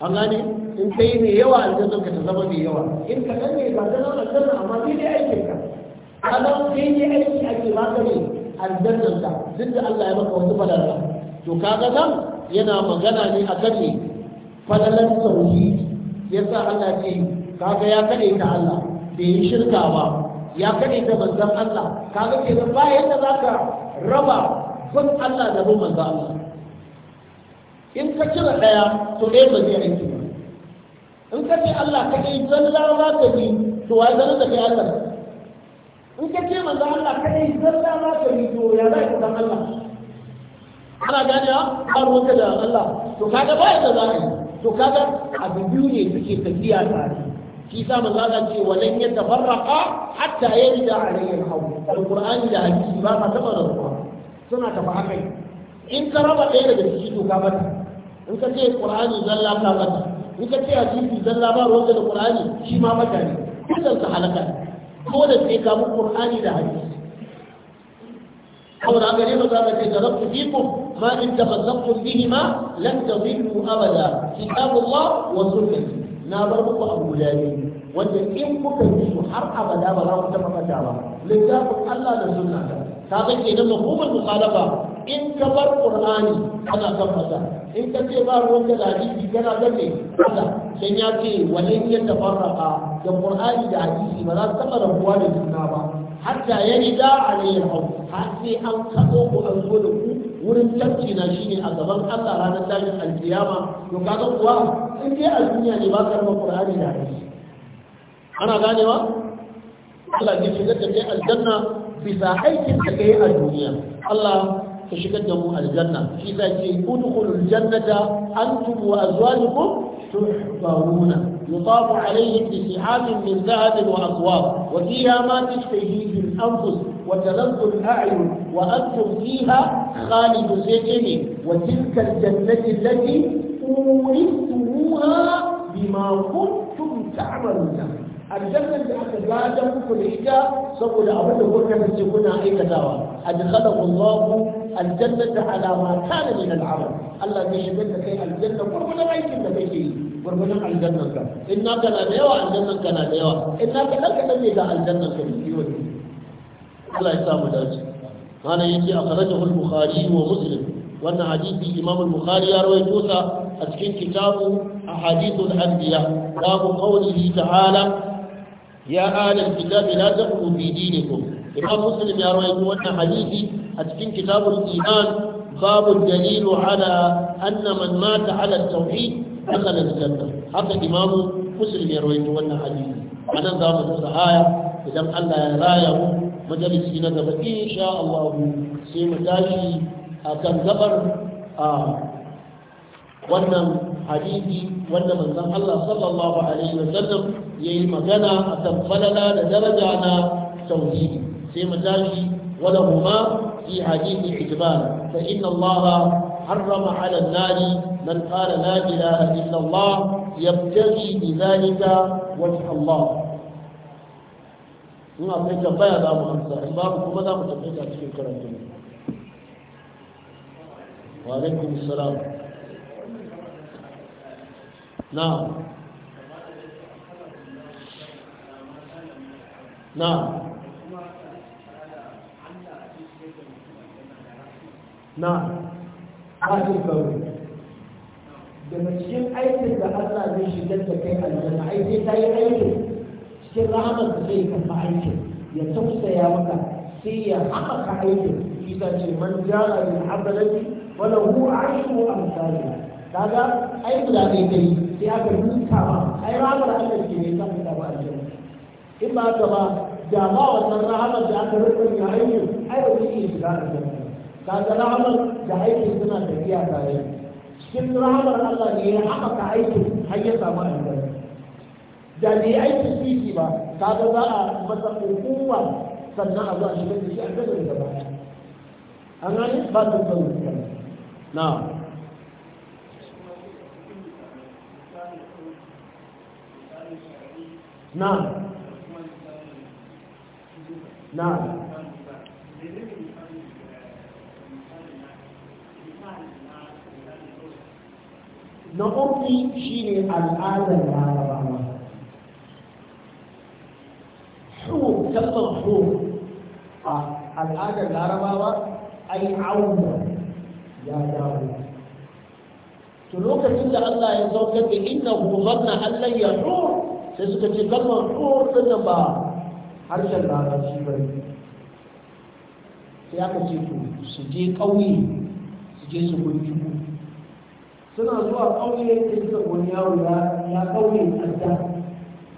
an gane in ta yi mai yawa aljannan ka ta zama mai yawa in ka ɗan ne ba ta zama aljannan amma sai dai aikin ka kaga sai dai aiki ake baka ne aljannan ka duk da Allah ya maka wasu falala to ka ga nan yana magana ne a kan ne falalan ya sa Allah ce ga ya kaɗe ta Allah bai yi shirka ba ya kaɗe ta manzon Allah ga ke ba yadda zaka raba kun Allah da bin manzon Allah in ka cire ɗaya to ɗaya ba zai aiki ba in ka ce Allah ka ɗai zalla ma ka to wa zan da kai Allah in ka ce manzo Allah ka ɗai zalla ma ka bi to ya za ka san Allah ana gane ha ba ruwanka da Allah to kaga ba yadda za ka to kaga abu biyu ne suke tafiya tare shi sa manzo Allah ce walan ya tafarraqa hatta yarda alayhi al-hawl alqur'ani da hadisi ba ka taba da suna tafi haka in ka raba ɗaya daga ciki to ka bata in ka ce qur'ani zalla ka mata in ka ce hadisi zalla ba ruwanka da qur'ani shi ma mata ne dukkan ka halaka ko da sai ka bi qur'ani da hadisi saboda haka ne ba za ka ce da rabbu fikum ma in tafassaqtum bihi ma lan tadillu abada kitabullah wa sunnati na bar muku abu guda biyu wanda in kuka yi su har abada ba za ku taɓa mata ba littafin Allah da sunna ta ka ga kenan mafhumul mukhalafa in ka bar qur'ani kana kan maza in ka ce ba ruwan da hadisi kana kan ne maza dan ya ce walin ya da qur'ani da hadisi ba za ta taba rabuwa da juna ba hatta yayi riga alayhi hau har sai an kaso ku an zo da ku wurin tafki na shine a gaban Allah ranar tashin alkiyama to kaga kuwa in dai a duniya ne ba ka rubuta qur'ani da hadisi ana ganewa Allah ya shigar da kai aljanna bisa aikin da kai a duniya Allah ka الجنة إذا mu الجنة أنتم وأزواجكم ce udkhulul يطاف عليهم بسحاب من ذهب وأكواب وفيها ما تشتهيه الأنفس وتلذ الأعين وأنتم فيها خالد سجن وتلك الجنة التي أورثتموها بما كنتم تعملون الجنة التي لا تملك الإجابة سبب أبدا وكما تكون أي كتابة أدخله الله aljannata ala ma kana min al'amal Allah zai shigar da kai aljanna gurgunan aikin da kake yi gurgunan aljannan ka in naka na da yawa aljannan ka na da yawa in naka dan kadan ne ga aljannan ka biyo ne Allah ya samu dace kana yace akhrajahu al-bukhari wa muslim wannan hadisi imam al-bukhari ya rawaito sa a cikin kitabu ahadithul anbiya babu qawlihi ta'ala ya ahlal kitabi la taqulu bi dinikum imam muslim ya rawaito wannan hadisi a cikin kitabul iman babu dalilu ala anna man mata ala tauhid dakhala aljanna haka imam muslim ya rawaito wannan hadisi anan za mu tsaya haya idan Allah ya raya mu majalisi na gaba insha Allah sai mu tashi akan gabar a wannan hadisi wanda manzon Allah sallallahu alaihi wasallam yayi magana akan falala da daraja na tauhidi sai majali wadda huma fi hadithin ijibar ta inna Allah harrama halar nari nan fara nabila a inna Allah ya fitari bi zalika wajen Allah. Sun a kai za mu hamsa, in babu kuma za mu tafi ta cikin karantun. Walaikun salam. Na. Na. na ajin kauri daga cikin aikin da Allah zai shigar da kai aljanna ai sai ta yi aikin cikin rahamar da zai kafa aikin ya tausaya maka sai ya haɓaka aikin shi ta ce man jara min habalati wala hu ashu amsalha kaga ai guda kai kai sai aka duka ma ai rahamar Allah ke ne kan da ba aljanna in ba ka ba da ba wannan rahamar da aka rubuta aikin ai ba zai iya shiga aljanna kaga rahamar da aikin suna tafiya tare cikin rahamar Allah ne ya haɓaka aikin har ya samu albarka da bai aikin titi ba kaga za a masa hukuma sannan a zo a shigar da shi a gaba da baya an gane ba su zaurin na na na na shi shine al'adar larabawa Su kalmar su a al'adar larabawa ai auna ya dawo to lokacin da Allah ya saukar da innahu zanna Allah ya hu sai suka ce kalmar hu din ba harshen larabci ba sai aka ce to su je ƙauye su je su gunki suna zuwa ƙauye da suka wani yawo ya ƙauye adda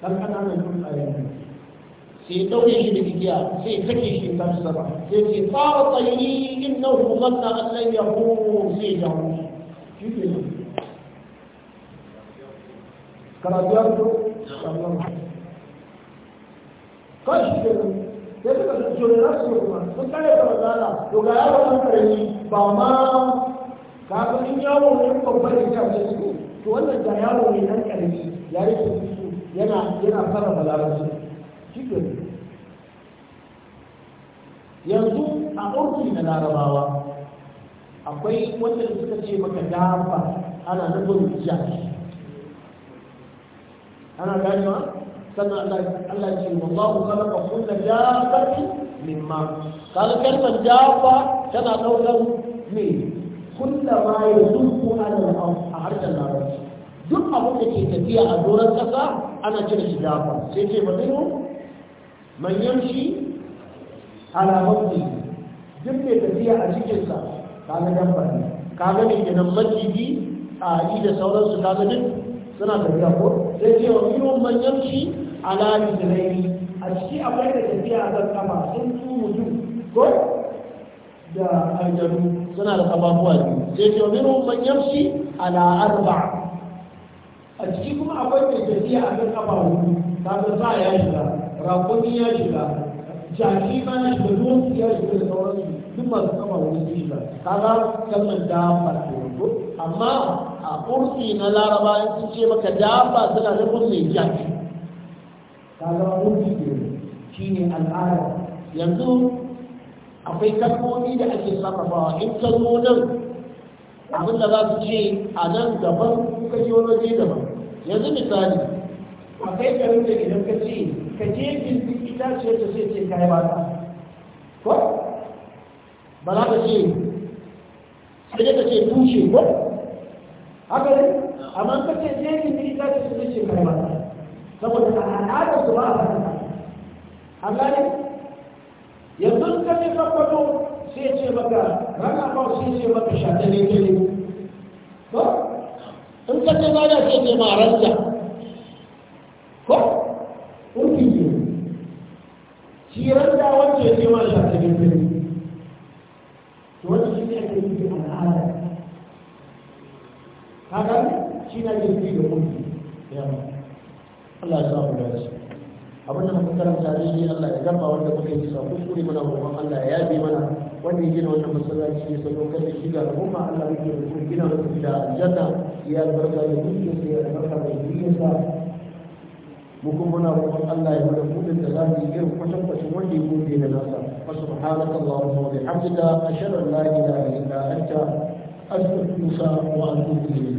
dan ana nan a yanzu sai ɗaure shi da igiya sai kake shi kan sama sai ce fara tsayi innahu zanna an lan yaqum sai jawo shi ke nan karatu ya fito kan shi ke nan sai suka ce jore na su sun kare ba ma kaga in yawo ne babban da ta su to wannan da yawo ne dan karami ya yi su yana yana fara balagarsu shi ke yanzu a urfi na larabawa akwai wanda suka ce maka dafa ana nufin jaki ana ganewa sannan Allah ce ku wallahu khalaqa kulla dabbatin min ma kaga kalmar dafa tana ɗaukar me kullama ya zuku alal a harshen larabci duk abin da ke tafiya a doron ƙasa ana cire shi dafa sai ce ba zai man yamshi ne duk mai tafiya a cikinsa ta ga dabba ne ka ga ne kenan maciji a yi da sauransu ta ga duk suna tafiya ko sai ce wa mino man a alali da a ciki akwai da tafiya a kan kama sun tu mutum ko da aljanu suna da ababuwa ne sai ce wani man yamshi ala arba a ciki kuma akwai mai tafiya a kan kafa hudu ta ga sa ya shiga rakuni ya shiga jaki ma ya shiga duwan ya shiga da sauransu duk masu kafa hudu su shiga ta ga kamar dafa ce yanzu amma a kursi na laraba in sun ce maka dafa suna nufin mai jaki ta ga ke shi ne shine al'ada yanzu akwai kalmomi da ake sarrafawa in ka nan abin da za su ce a nan gaban kuka ji wani waje daban yanzu misali akwai garin da idan ka ce ka je jirgin ce ta sai ce kai ba ta ko ba za ka ce sai ka ce tushe ko haka ne amma ka ce je jirgin ce ta sai ce kai ba ta saboda a al'adar su ba a ba ta haka ne yanzu ka ce tabbato sai ce maka rana ba sai ce maka shaɗe ne ba in ka ce bada sai ce ma ranta ko uku ne shi ranta wacce ya ce ma shaɗe ne ne to shi ne ake yi al'ada kaga shi na yin fi da uku ya Allah ya samu dace abin da muka karanta da shi Allah ya gaba wanda kuka yi sa kuskure mana roƙon Allah ya yabe mana wanda ya gina wannan masallaci ya sanu kan shi ga al'umma Allah ya gina su gina su da aljanna ya albarka da dukkan sai ya albarka da dukkan sa mu kuma muna roƙon Allah ya mana kudin da za mu yi irin kwatankwacin wanda ya gode da nasa fa subhanaka allahumma wa bihamdika ashhadu an la ilaha illa anta astaghfiruka wa atubu ilayk